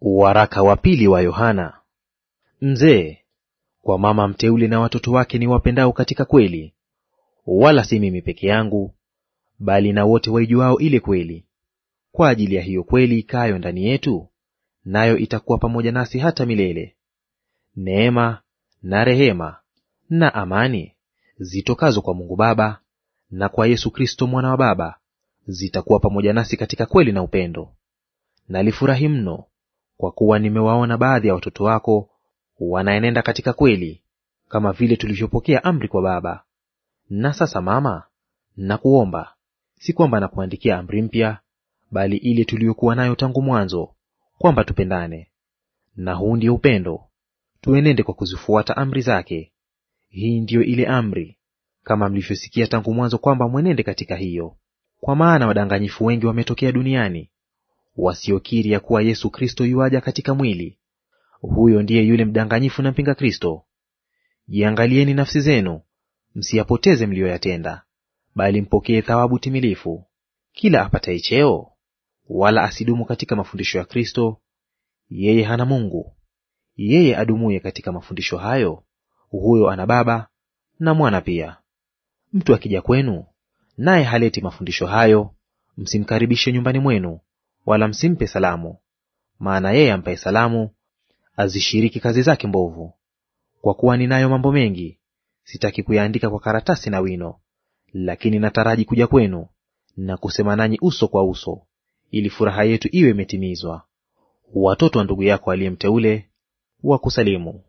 Waraka wa pili wa Yohana. Mzee kwa mama mteule na watoto wake ni wapendao katika kweli, wala si mimi peke yangu, bali na wote waijuao ile kweli. Kwa ajili ya hiyo kweli ikayo ndani yetu, nayo itakuwa pamoja nasi hata milele. Neema na rehema na amani zitokazo kwa Mungu Baba na kwa Yesu Kristo mwana wa Baba zitakuwa pamoja nasi katika kweli na upendo. Nalifurahi mno kwa kuwa nimewaona baadhi ya watoto wako wanaenenda katika kweli, kama vile tulivyopokea amri kwa baba. Na sasa mama, nakuomba si kwamba nakuandikia amri mpya, bali ile tuliyokuwa nayo tangu mwanzo, kwamba tupendane. Na huu ndio upendo, tuenende kwa kuzifuata amri zake. Hii ndiyo ile amri, kama mlivyosikia tangu mwanzo, kwamba mwenende katika hiyo. Kwa maana wadanganyifu wengi wametokea duniani, wasiokiri ya kuwa Yesu Kristo yuaja katika mwili, huyo ndiye yule mdanganyifu na mpinga Kristo. Jiangalieni nafsi zenu, msiyapoteze mliyoyatenda, bali mpokee thawabu timilifu. Kila apataye cheo, wala asidumu katika mafundisho ya Kristo, yeye hana Mungu. Yeye adumuye katika mafundisho hayo, huyo ana Baba na Mwana pia. Mtu akija kwenu naye haleti mafundisho hayo, msimkaribishe nyumbani mwenu, wala msimpe salamu, maana yeye ampaye salamu azishiriki kazi zake mbovu. Kwa kuwa ninayo mambo mengi, sitaki kuyaandika kwa karatasi na wino, lakini nataraji kuja kwenu na kusema nanyi uso kwa uso, ili furaha yetu iwe imetimizwa. Watoto wa ndugu yako aliye mteule wakusalimu.